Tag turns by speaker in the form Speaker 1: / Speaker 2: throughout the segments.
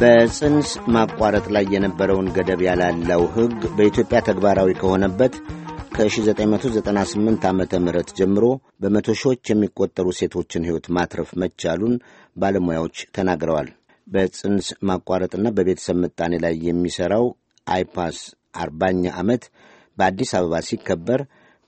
Speaker 1: በጽንስ ማቋረጥ ላይ የነበረውን ገደብ ያላለው ሕግ በኢትዮጵያ ተግባራዊ ከሆነበት ከ1998 ዓ ም ጀምሮ በመቶ ሺዎች የሚቆጠሩ ሴቶችን ሕይወት ማትረፍ መቻሉን ባለሙያዎች ተናግረዋል። በጽንስ ማቋረጥና በቤተሰብ ምጣኔ ላይ የሚሠራው አይፓስ አርባኛ ዓመት በአዲስ አበባ ሲከበር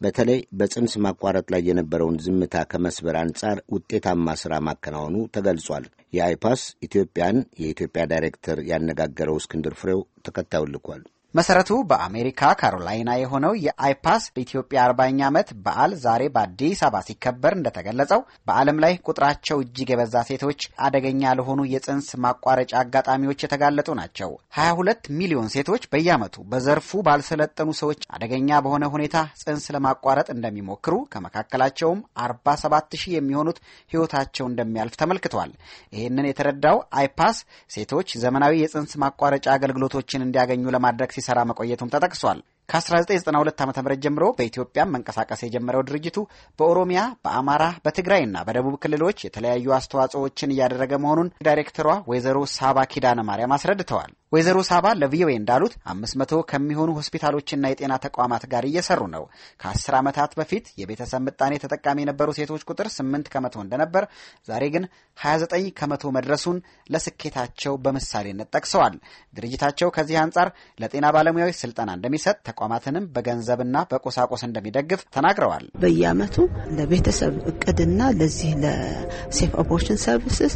Speaker 1: በተለይ በጽንስ ማቋረጥ ላይ የነበረውን ዝምታ ከመስበር አንጻር ውጤታማ ሥራ ማከናወኑ ተገልጿል። የአይፓስ ኢትዮጵያን የኢትዮጵያ ዳይሬክተር ያነጋገረው እስክንድር ፍሬው ተከታዩን ልኳል። መሰረቱ በአሜሪካ ካሮላይና የሆነው የአይፓስ በኢትዮጵያ አርባኛ ዓመት በዓል ዛሬ በአዲስ አበባ ሲከበር እንደተገለጸው በዓለም ላይ ቁጥራቸው እጅግ የበዛ ሴቶች አደገኛ ለሆኑ የጽንስ ማቋረጫ አጋጣሚዎች የተጋለጡ ናቸው። 22 ሚሊዮን ሴቶች በየዓመቱ በዘርፉ ባልሰለጠኑ ሰዎች አደገኛ በሆነ ሁኔታ ጽንስ ለማቋረጥ እንደሚሞክሩ፣ ከመካከላቸውም 47 ሺህ የሚሆኑት ሕይወታቸው እንደሚያልፍ ተመልክቷል። ይህንን የተረዳው አይፓስ ሴቶች ዘመናዊ የጽንስ ማቋረጫ አገልግሎቶችን እንዲያገኙ ለማድረግ ሲ ሲሰራ መቆየቱም ተጠቅሷል። ከ1992 ዓ ም ጀምሮ በኢትዮጵያም መንቀሳቀስ የጀመረው ድርጅቱ በኦሮሚያ፣ በአማራ፣ በትግራይና በደቡብ ክልሎች የተለያዩ አስተዋጽኦዎችን እያደረገ መሆኑን ዳይሬክተሯ ወይዘሮ ሳባ ኪዳነ ማርያም አስረድተዋል። ወይዘሮ ሳባ ለቪኦኤ እንዳሉት አምስት መቶ ከሚሆኑ ሆስፒታሎችና የጤና ተቋማት ጋር እየሰሩ ነው። ከአስር ዓመታት በፊት የቤተሰብ ምጣኔ ተጠቃሚ የነበሩ ሴቶች ቁጥር ስምንት ከመቶ እንደነበር፣ ዛሬ ግን 29 ከመቶ መድረሱን ለስኬታቸው በምሳሌነት ጠቅሰዋል። ድርጅታቸው ከዚህ አንጻር ለጤና ባለሙያዎች ስልጠና እንደሚሰጥ፣ ተቋማትንም በገንዘብና በቁሳቁስ እንደሚደግፍ ተናግረዋል።
Speaker 2: በየአመቱ ለቤተሰብ እቅድና ለዚህ ለሴፍ ኦፖርቹን ሰርቪስስ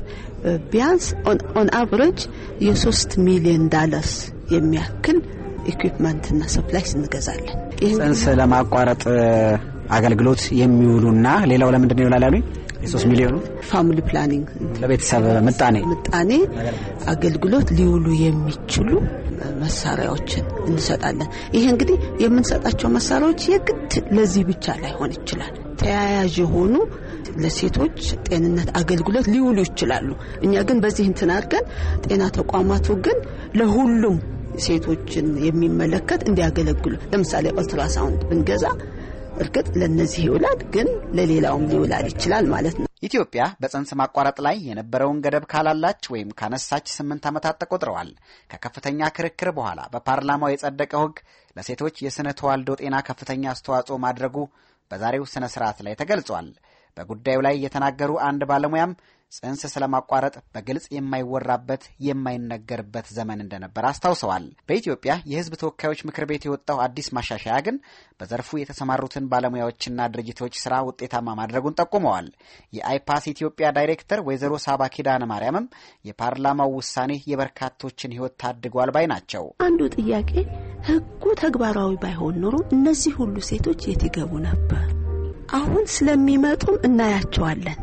Speaker 2: ቢያንስ ኦን አቨሬጅ የሶስት ሚሊዮን እንዳለስ የሚያክል ኢኩፕመንትና ሰፕላይስ እንገዛለን።
Speaker 1: ጽንስ ለማቋረጥ አገልግሎት የሚውሉና ሌላው ለምንድን ነው ይውላል ያሉኝ? የሶስት ሚሊዮኑ ፋሚሊ ፕላኒንግ ለቤተሰብ ምጣኔ ምጣኔ አገልግሎት ሊውሉ የሚችሉ
Speaker 2: መሳሪያዎችን እንሰጣለን። ይሄ እንግዲህ የምንሰጣቸው መሳሪያዎች የግድ ለዚህ ብቻ ላይሆን ይችላል። ተያያዥ የሆኑ ለሴቶች ጤንነት አገልግሎት ሊውሉ ይችላሉ። እኛ ግን በዚህ እንትን አድርገን ጤና ተቋማቱ ግን ለሁሉም ሴቶችን የሚመለከት እንዲያገለግሉ ለምሳሌ ኦልትራሳውንድ ብንገዛ እርግጥ ለእነዚህ ይውላል፣ ግን ለሌላውም ሊውላል ይችላል ማለት
Speaker 1: ነው። ኢትዮጵያ በጽንስ ማቋረጥ ላይ የነበረውን ገደብ ካላላች ወይም ካነሳች ስምንት ዓመታት ተቆጥረዋል። ከከፍተኛ ክርክር በኋላ በፓርላማው የጸደቀው ሕግ ለሴቶች የስነ ተዋልዶ ጤና ከፍተኛ አስተዋጽኦ ማድረጉ በዛሬው ስነ ስርዓት ላይ ተገልጿል። በጉዳዩ ላይ የተናገሩ አንድ ባለሙያም ጽንስ ስለማቋረጥ በግልጽ የማይወራበት የማይነገርበት ዘመን እንደነበር አስታውሰዋል። በኢትዮጵያ የሕዝብ ተወካዮች ምክር ቤት የወጣው አዲስ ማሻሻያ ግን በዘርፉ የተሰማሩትን ባለሙያዎችና ድርጅቶች ስራ ውጤታማ ማድረጉን ጠቁመዋል። የአይፓስ ኢትዮጵያ ዳይሬክተር ወይዘሮ ሳባ ኪዳነ ማርያምም የፓርላማው ውሳኔ የበርካቶችን ሕይወት ታድጓል ባይ ናቸው።
Speaker 2: አንዱ ጥያቄ ሕጉ ተግባራዊ ባይሆን ኖሮ እነዚህ ሁሉ ሴቶች የት ይገቡ ነበር? አሁን ስለሚመጡም እናያቸዋለን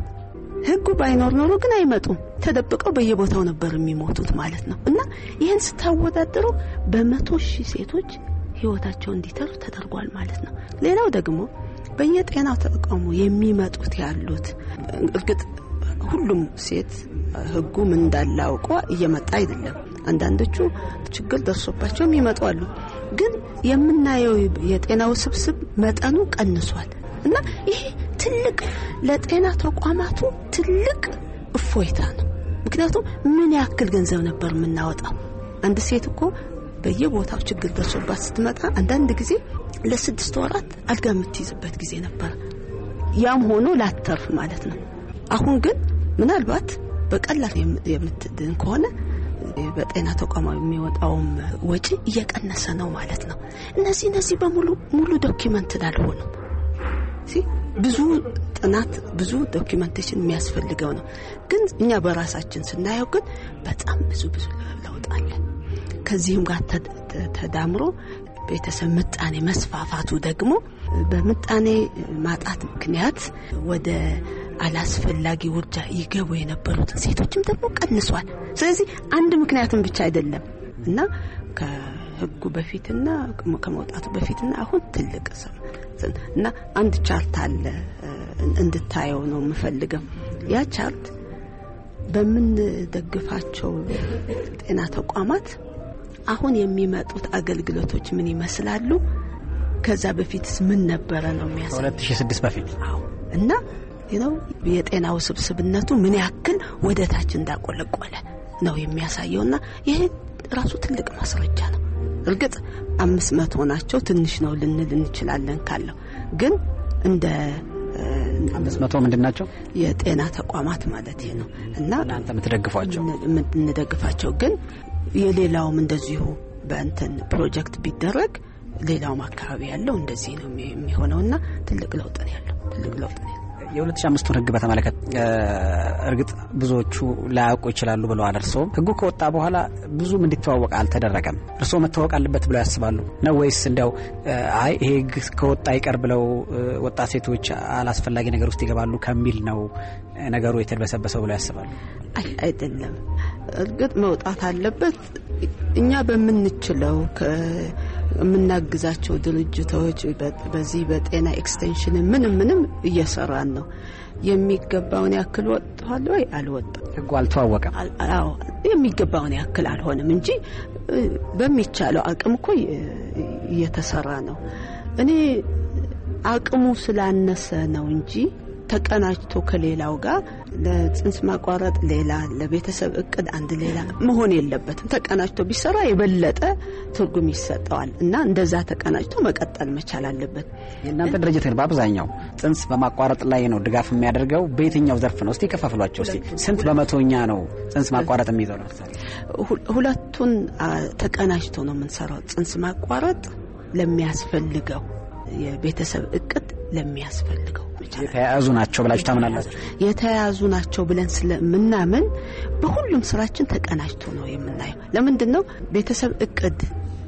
Speaker 2: ህጉ ባይኖር ኖሮ ግን አይመጡም። ተደብቀው በየቦታው ነበር የሚሞቱት ማለት ነው። እና ይህን ስታወዳደሩ በመቶ ሺህ ሴቶች ህይወታቸው እንዲተርፍ ተደርጓል ማለት ነው። ሌላው ደግሞ በየጤና ተቋሙ የሚመጡት ያሉት እርግጥ ሁሉም ሴት ህጉ ምን እንዳለ እየመጣ አይደለም። አንዳንዶቹ ችግር ደርሶባቸውም ይመጡ አሉ። ግን የምናየው የጤናው ስብስብ መጠኑ ቀንሷል እና ይሄ ትልቅ ለጤና ተቋማቱ ትልቅ እፎይታ ነው። ምክንያቱም ምን ያክል ገንዘብ ነበር የምናወጣው? አንድ ሴት እኮ በየቦታው ችግር ደርሶባት ስትመጣ አንዳንድ ጊዜ ለስድስት ወራት አልጋ የምትይዝበት ጊዜ ነበር። ያም ሆኖ ላተርፍ ማለት ነው። አሁን ግን ምናልባት በቀላል የምትድን ከሆነ በጤና ተቋማ የሚወጣውም ወጪ እየቀነሰ ነው ማለት ነው። እነዚህ እነዚህ በሙሉ ሙሉ ዶኪመንት ላልሆኑ ብዙ ጥናት ብዙ ዶኪመንቴሽን የሚያስፈልገው ነው። ግን እኛ በራሳችን ስናየው ግን በጣም ብዙ ብዙ ለውጥ አለ። ከዚህም ጋር ተዳምሮ ቤተሰብ ምጣኔ መስፋፋቱ ደግሞ በምጣኔ ማጣት ምክንያት ወደ አላስፈላጊ ውርጃ ይገቡ የነበሩትን ሴቶችም ደግሞ ቀንሷል። ስለዚህ አንድ ምክንያትም ብቻ አይደለም እና ህጉ በፊትና ከመውጣቱ በፊትና አሁን ትልቅ ስም እና አንድ ቻርት አለ እንድታየው ነው የምፈልገው። ያ ቻርት በምንደግፋቸው ጤና ተቋማት አሁን የሚመጡት አገልግሎቶች ምን ይመስላሉ፣ ከዛ በፊትስ ምን ነበረ ነው
Speaker 1: የሚያስ በፊት
Speaker 2: እና ነው የጤና ውስብስብነቱ ምን ያክል ወደ ታች እንዳቆለቆለ ነው የሚያሳየውና ይሄ ራሱ ትልቅ ማስረጃ ነው። እርግጥ አምስት መቶ ናቸው ትንሽ ነው ልንል እንችላለን ካለው ግን እንደ አምስት መቶ ምንድን ናቸው የጤና ተቋማት ማለት ነው እና እናንተ የምትደግፏቸው እንደግፋቸው ግን የሌላውም እንደዚሁ በእንትን ፕሮጀክት ቢደረግ ሌላውም አካባቢ ያለው እንደዚህ ነው የሚሆነው እና ትልቅ ለውጥ ነው ያለው ትልቅ ለውጥ ነው
Speaker 1: የ2005ቱን ህግ በተመለከተ እርግጥ ብዙዎቹ ላያውቁ ይችላሉ ብለዋል። እርስዎም ህጉ ከወጣ በኋላ ብዙም እንዲተዋወቅ አልተደረገም። እርስዎ መታወቅ አለበት ብለው ያስባሉ ነው ወይስ እንዲያው አይ ይሄ ህግ ከወጣ ይቀር ብለው ወጣት ሴቶች አላስፈላጊ ነገር ውስጥ ይገባሉ ከሚል ነው ነገሩ የተድበሰበሰው ብለው ያስባሉ?
Speaker 2: አይደለም። እርግጥ መውጣት አለበት እኛ በምንችለው የምናግዛቸው ድርጅቶች በዚህ በጤና ኤክስቴንሽን ምንም ምንም እየሰራን ነው። የሚገባውን ያክል ወጥቷል ወይ አልወጣም? ህጉ አልተዋወቀም። አዎ የሚገባውን ያክል አልሆንም እንጂ በሚቻለው አቅም እኮ እየተሰራ ነው። እኔ አቅሙ ስላነሰ ነው እንጂ ተቀናጅቶ ከሌላው ጋር ለጽንስ ማቋረጥ ሌላ፣ ለቤተሰብ እቅድ አንድ ሌላ መሆን የለበትም። ተቀናጅቶ ቢሰራ የበለጠ
Speaker 1: ትርጉም ይሰጠዋል እና እንደዛ ተቀናጅቶ መቀጠል መቻል አለበት። የእናንተ ድርጅት ግን በአብዛኛው ጽንስ በማቋረጥ ላይ ነው ድጋፍ የሚያደርገው። በየትኛው ዘርፍ ነው? እስቲ ከፋፍሏቸው እስቲ። ስንት በመቶኛ ነው ጽንስ ማቋረጥ የሚይዘው? ለምሳሌ
Speaker 2: ሁለቱን ተቀናጅቶ ነው የምንሰራው። ጽንስ ማቋረጥ ለሚያስፈልገው የቤተሰብ እቅድ ለሚያስፈልገው
Speaker 1: የተያያዙ ናቸው ብላችሁ ታምናላችሁ?
Speaker 2: የተያያዙ ናቸው ብለን ስለምናምን በሁሉም ስራችን ተቀናጅቶ ነው የምናየው። ለምንድን ነው ቤተሰብ እቅድ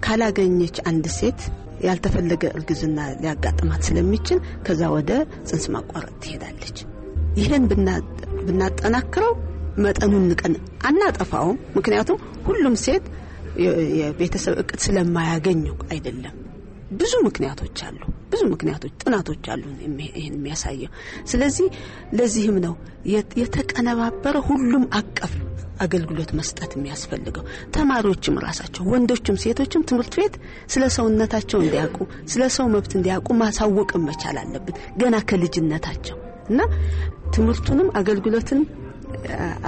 Speaker 2: ካላገኘች አንድ ሴት ያልተፈለገ እርግዝና ሊያጋጥማት ስለሚችል ከዛ ወደ ጽንስ ማቋረጥ ትሄዳለች። ይህን ብናጠናክረው መጠኑን ንቀን አናጠፋውም። ምክንያቱም ሁሉም ሴት የቤተሰብ እቅድ ስለማያገኘው አይደለም። ብዙ ምክንያቶች አሉ። ብዙ ምክንያቶች ጥናቶች አሉ ይህን የሚያሳየው። ስለዚህ ለዚህም ነው የተቀነባበረ ሁሉም አቀፍ አገልግሎት መስጠት የሚያስፈልገው። ተማሪዎችም ራሳቸው ወንዶችም ሴቶችም ትምህርት ቤት ስለ ሰውነታቸው እንዲያውቁ፣ ስለ ሰው መብት እንዲያውቁ ማሳወቅ መቻል አለብን ገና ከልጅነታቸው እና ትምህርቱንም አገልግሎትን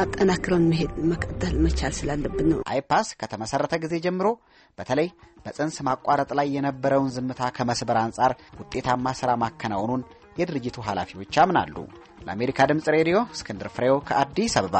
Speaker 1: አጠናክረን መሄድ መቀጠል መቻል ስላለብን ነው። አይፓስ ከተመሰረተ ጊዜ ጀምሮ በተለይ በጽንስ ማቋረጥ ላይ የነበረውን ዝምታ ከመስበር አንጻር ውጤታማ ሥራ ማከናወኑን የድርጅቱ ኃላፊዎች አምናሉ። ለአሜሪካ ድምፅ ሬዲዮ እስክንድር ፍሬው ከአዲስ አበባ